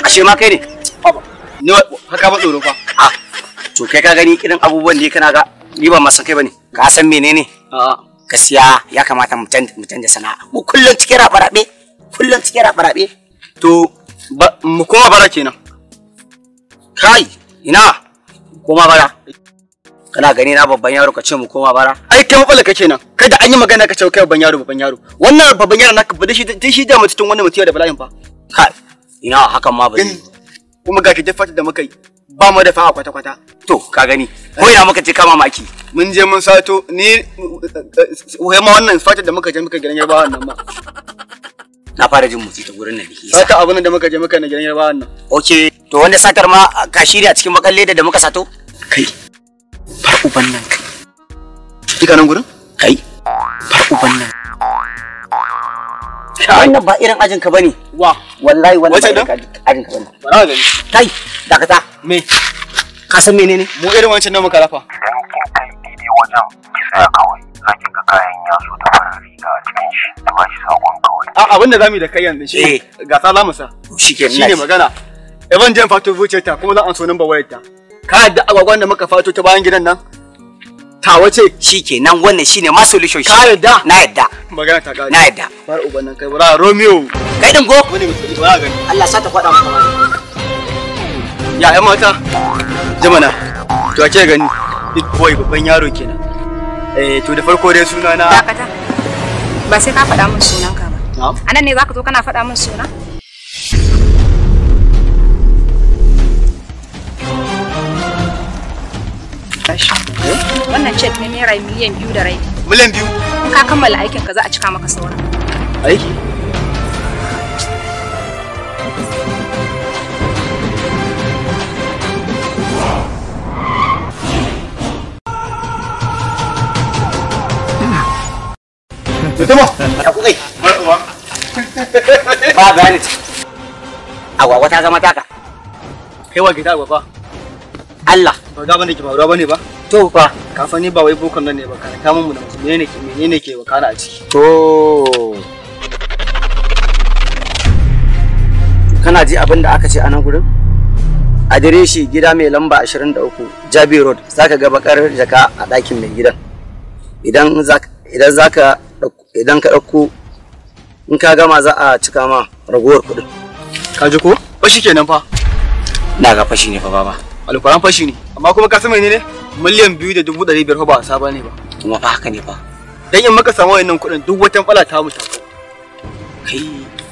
ashe ma kai ne ne haka ba tsoro fa a ah, to kai ka gani irin abubuwan da kana ga ni ba masa kai bane ka san menene ah. gaskiya ya kamata mu canza sana'a mu kullun cikin rabarabe kullun cikin rabarabe to mu koma bara kenan kai ina koma bara kana gani na babban yaro ka ce mu koma bara ai kai matsala kake nan kai da an yi magana ka ce kai babban yaro babban yaro wannan babban yaro naka ba shi shi da mutum wannan mutum da bala'in fa kai ina hakan ma ba zai kuma ga ki dafa da muka yi ba mu da fa'a kwata kwata to ka gani ko ina muka ce kama maki mun je mun sato ni wai ma wannan fata da muka je muka gidan yarbawa nan ma na fara jin motsi ta gurin nan da hisa sata abin da muka je muka na gidan yarbawa nan okay to wanda satar ma ka shirya a cikin makalle da muka sato kai far uban nan kai kika nan gurin kai far uban nan wannan ba irin ajin ka bane wa wallahi wannan ba da kadin ka wannan ba gani kai dakata me ka san ne? mu irin wancan nan muka rafa idan kin kai dai wajen ki tsaya kawai za ga kayan ya so ta fara riga a cikin shi da shi sakon kawai a abin da zamu yi da kai yanzu shi eh. gasa za mu sa shikenan magana Evan Jan fato ta kuma zan an so number wayar ta ka da agwagwan da muka fato ta bayan gidan nan shi ke shikenan wannan shine ma solution ka yarda na yarda magana ta kare na yarda bar uban nan kai bura Romeo kai din Allah sa ta faɗa maka ba ya ƴan mata jama'a to ake gani big boy babban yaro kenan eh to da farko dai suna na dakata ba sai ka faɗa min sunan ka ba anan ne zaka zo kana faɗa min suna wannan cek ne rai miliyan biyu da rai miliyan biyu ka kammala aikin ka za a cika maka sauran aiki guduma da kuka yi ba gane agwagwa ta zama taka kai wa gida agwagwa Allah ba ga bane ki ba bane ba to fa kafa ni ba wai bokon nan ne ba kana kamun mu da mutum menene ke menene ke wakana a ciki to kana ji abin da aka ce a nan gurin adireshi gida mai lamba 23 jabi road zaka ga bakar jaka a ɗakin mai gidan idan za ka. idan ka ɗauko in ka gama za a cika ma ragowar kuɗin. Ka ji ko? Fashi kenan fa. Na ga fashi ne fa baba. Alƙur'an fashi ne. Amma kuma ka san ne? Miliyan biyu da dubu ɗari biyar fa ba a saba ne ba. Kuma fa haka ne fa. Dan in maka samu wannan kuɗin duk wata fala ta mutu. Kai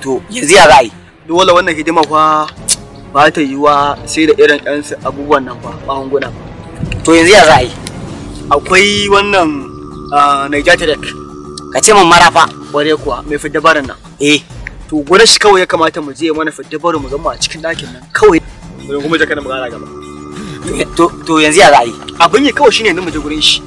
to yanzu ya ra'ayi. Duk wala wannan hidima fa ba ta yiwa sai da irin ɗan abubuwan nan fa ba hanguna. To yanzu ya ra'ayi. Akwai wannan ah, Niger Tech ka ce min marafa bare kuwa mai fiddabarin nan eh to gure shi kawai ya kamata mu je mana fiddabarin mu zama a cikin ɗakin nan kawai mun kuma je kana magana gaba to yanzu ya za a abin yi kawai shine yanzu mu je gurin shi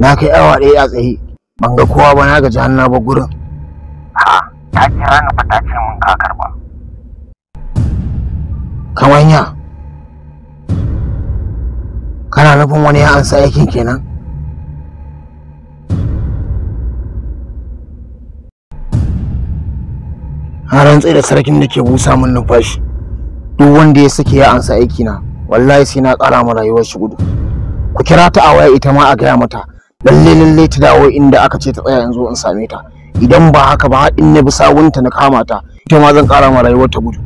na kai awa ɗaya a tsaye ban ga kowa ba na gaji hannu ba gurin ha ta kira ni fa ta ce mun ka karba kamanya kana nufin wani ya ansa aikin kenan na rantsai da sarkin da ke busa min numfashi duk wanda ya sake ya ansa aikina wallahi sai na ƙara ma rayuwar shi gudu ku kira ta a waya ita ma a gaya mata lalle lalle ta dawo inda aka ce ta tsaya in in same ta idan ba haka ba in na bi sawunta na kama ta ita ma zan ƙara ma rayuwar ta gudu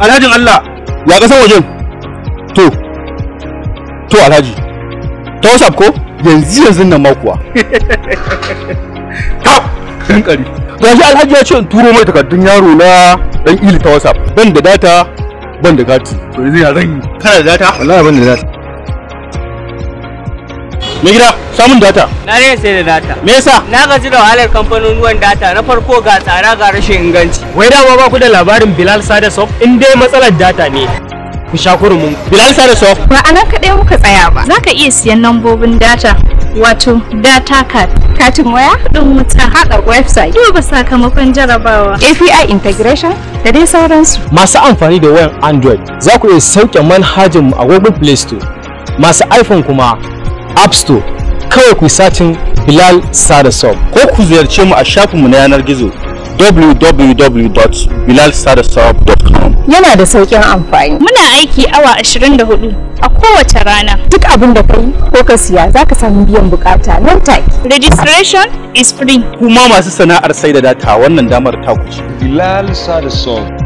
alhajin Allah ya kasan wajen to to alhaji ta whatsapp ko yanzu yanzu nan ma kuwa kap din kari alhaji ya ce in turo mai takardun yaro na dan ili ta whatsapp ban da data ban da gati to yanzu ya zan kana da data wallahi ban da data Mai gida, samun data. Na ne sai da data. Me yasa? Na gaji da wahalar kamfanin ruwan data na farko ga tsara ga rashin inganci. Wai dama ba ku da labarin Bilal Sadasov in dai matsalar data ne. Ku sha kurumin. Bilal Sadasov. Ba a nan kaɗai muka tsaya ba. Za ka iya siyan lambobin data. Wato data card. Katin waya, kuɗin wuta, haɗa website, duba sakamakon jarabawa, API integration, da dai sauransu. Masu amfani da wayan Android za ku iya sauke manhajinmu a Google Play Store. Masu iPhone kuma app store kawai ku satin bilal sadasov ko ku ziyarce mu a shafinmu na yanar gizo www.bilalsadasov.com yana da sauƙin amfani muna aiki awa 24 a kowace rana duk abin da kai ko ka siya za ka samu biyan bukata nan take registration is free kuma masu sana'ar sai da data wannan damar ta kuce bilal sadasov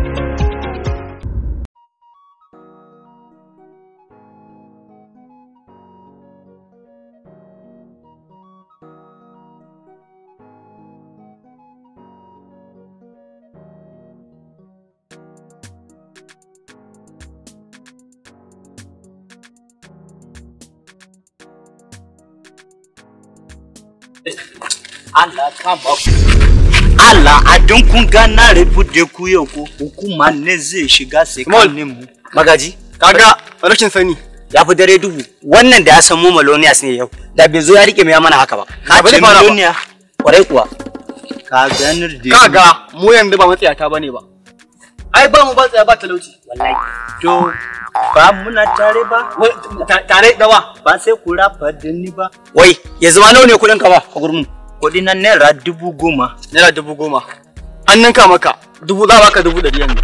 Allah a kun ga na rufu da ku yau ko hukuma ne zai shiga tsakanin mu. Magaji. Kaga rashin sani. Ya fi dare duhu. Wannan da ya san mu Malonias ne yau. Da bai zo ya rike mu ya mana haka ba. Ka ce Malonia. Kwarai kuwa. Ka ganar da Kaga mu yanzu ba matsayata bane ba. Ai ba mu ba tsaya ba talauci. Wallahi. To ba muna tare ba. Tare dawa. Ba sai ku rafa da ni ba. Wai yanzu zama nawa ne kuɗin ka ba a kuɗi na naira dubu goma. Naira dubu goma. An ninka maka dubu za baka dubu ɗari yanzu.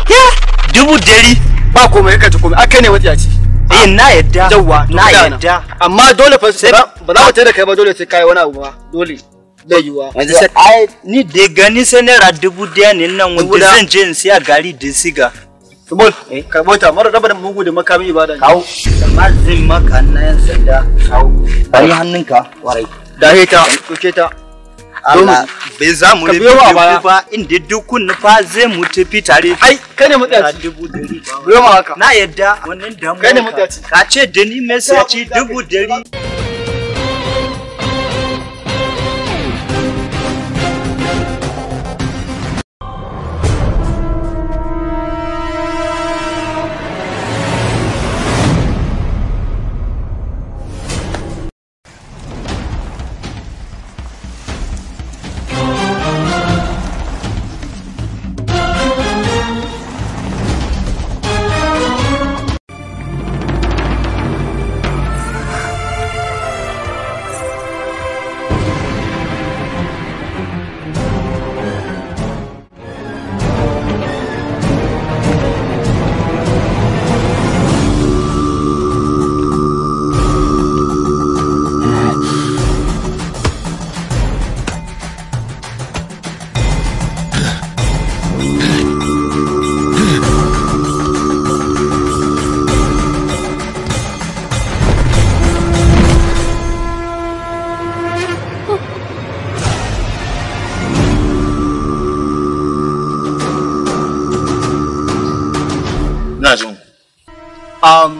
Dubu ɗari. Ba komai kaka ji komai akai ne wata ce. Ah. Eh na yadda. Jawwa. na yadda. Amma dole fa sai ba za da kai ba dole sai kai wani abu ba dole. Da yiwa. Yanzu sai ai ni da gani sai naira dubu ɗaya ne nan wanda zan je in siya gari da siga. Tumul, karɓo ta mara raba da mugu da makami ibada. Kawo, da mazin maka na yan sanda. Kawo, bari hannunka. Warai. Dahe ta, kuke ta. bai za mu rufe duku ba inda dukun na zai mu tafi tare ai kai ne mutsaci dubu dari na yadda wannan damuwa ka ce da ni mai dubu dari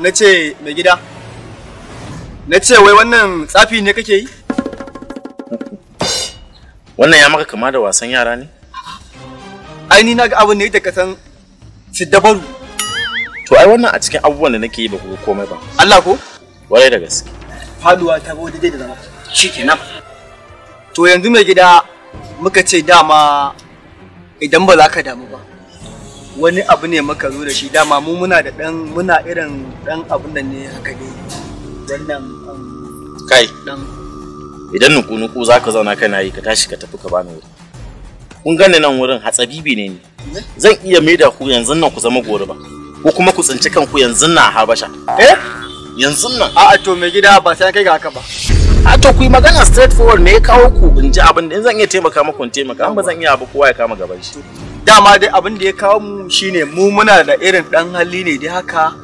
na ce mai gida na ce wai wannan tsafi ne kake yi wannan ya maka kama da wasan yara ne ai ni naga abin ne da ka san siddabaru to ai wannan a cikin abubuwan da nake yi ba ku komai ba Allah ko wai da gaske faduwa ta go daidai da zama shikenan to yanzu mai gida muka ce dama idan ba za ka damu ba wani abu ne maka zo da shi dama mu muna da dan muna irin dan abun nan ne haka ne. wannan um, kai dan idan nuku nuku zaka zauna kana yi ka tashi ka tafi ka bani wuri kun gane nan wurin hatsabibi ne ni zan iya da ku yanzu nan ku zama gori ba ko kuma ku tsinci kanku yanzu na habasha eh yanzu nan a'a to me gida ba sai kai ga haka ba a to ku yi magana straightforward me ya kawo ku in ji abin da in zan iya taimaka muku in taimaka an ba zan iya abu kowa ya kama gaban shi dama dai abin da ya kawo mu shine mu muna da irin dan hali ne dai haka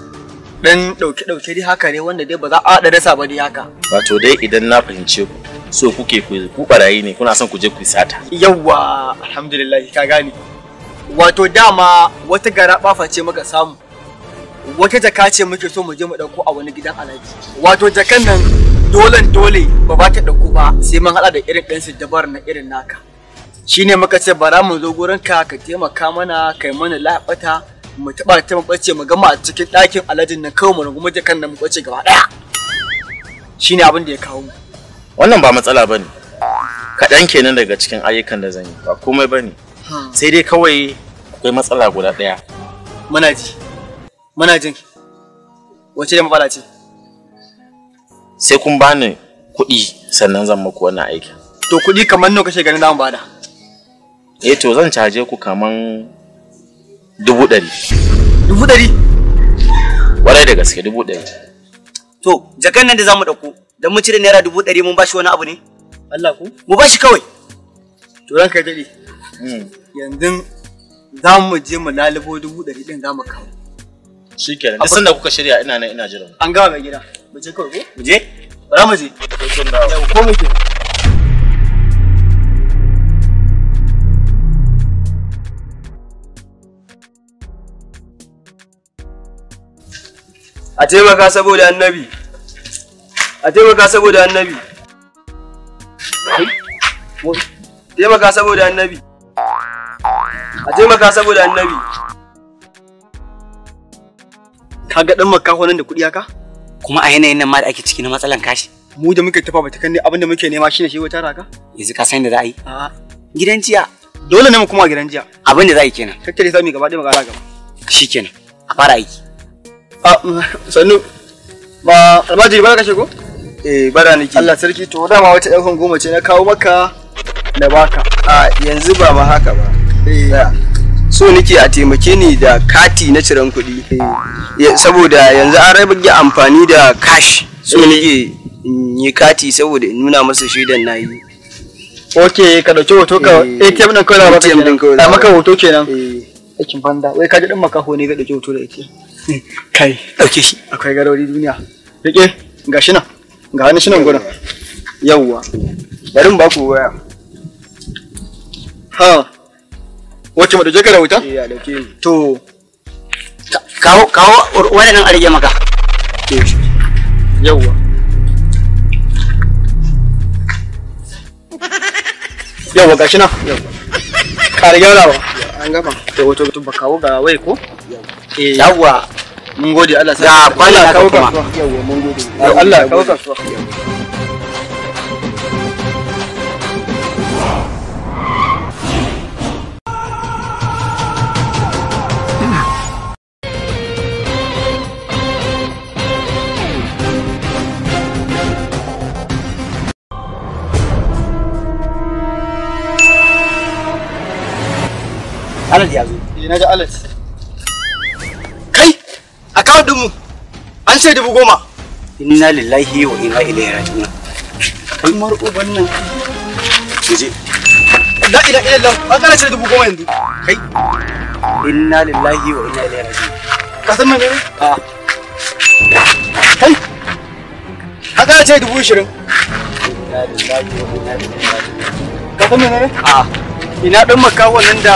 dan dauke dauke dai haka ne wanda dai ba za a dasa ba dai haka wato dai idan na fahimce ku so kuke ku ku barayi ne kuna son ku je ku sata yawwa alhamdulillah ka gani wato dama wata gara bafa ce muka samu wata jaka ce muke so mu je mu dauko a wani gidan alaji. wato jakan nan dolen dole ba ba ta dauko ba sai mun hada da irin dan dabar na irin naka shine muka ce bara mu zo gurin ka ka taimaka mana kai mana labata mu taba ta mu bace mu gama cikin ɗakin aladin na kawai mu rungume kan nan mu bace gaba daya shine abin da ya kawo mu wannan ba matsala bane kaɗan kenan daga cikin ayyukan da zan yi ba komai bane sai dai kawai akwai matsala guda ɗaya muna ji muna jin wace da matsala ce sai kun bani kuɗi sannan zan muku wannan aikin to kuɗi kamar nawa kashe ganin zamu bada eh to zan caje ku kaman dubu ɗari dubu ɗari warai da gaske dubu ɗari to jakan nan da mu ɗauko da mun cire naira dubu ɗari mun ba shi wani abu ne Allah ku mu ba shi kawai to ranka ya daɗe hmm. yanzu za mu je mu lalubo dubu ɗari ɗin za mu kawo shi kenan duk sanda kuka shirya ina nan ina jira an gama mai gida mu je kawai ko mu je bara mu je ko mu je a taimaka saboda annabi a taimaka saboda annabi taimaka saboda annabi a taimaka saboda annabi ka ga dan makaho nan da kuɗi haka kuma a yanayin nan ma da ake ciki na matsalan kashi mu da muke tafa bata kanne abinda da muke nema shine shi wata raka yanzu ka san da za a yi gidan jiya dole ne mu kuma gidan jiya Abinda za a yi kenan tattare sami gaba ɗaya magana gaba shikenan a fara aiki Ah, sannu ba almajiri ba kashe ko eh bara niki. Allah sarki to dama wata ɗaukan goma ce na kawo maka da baka a yanzu ba ma haka ba eh. so nake a taimake ni da kati na ciran kuɗi eh. saboda yanzu an rage amfani da cash so eh. nake in yi kati saboda in nuna masa shaidan na yi ok ka dauki hoto ka atm din kawai na maka kenan maka hoto kenan aikin banda wai ka ji din makaho ne ga dauki hoto da atm kai dauke shi akwai garori duniya rike ga shi nan ga wani shinan gurin yawwa bari mu baku waya ha wacce mu dauke ka da wuta eh, dauke ni to kawo kawo wadannan arige maka eh. yawwa yawwa ga shi nan yawwa ka ba an gama to wato ba kawo ga wai ko yawwa eh. mun gode Allah sai ya kwalla ka kuma mun gode Allah ya kauka su Alal ya zo. Eh na ga alex. account ɗinmu an ce dubu goma inna lillahi wa inna ilaihi raji'un kai mar bannan je la ilaha illallah an kana ce dubu goma yanzu kai inna lillahi wa inna ilaihi raji'un ka san me ne a kai an kana ce dubu 20 inna lillahi wa inna ilaihi raji'un ka san me ne a ina dan makawon nan da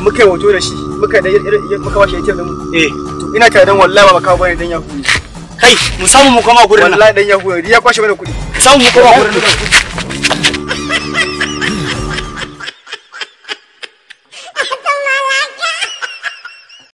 muka yi hoto da shi muka da muka washe yake da mu eh ina tunanin wallahi ba makawo bane dan yahu kai mu samu mu koma gurin nan wallahi dan yahu ya kwashe mana kudi mu samu mu koma gurin nan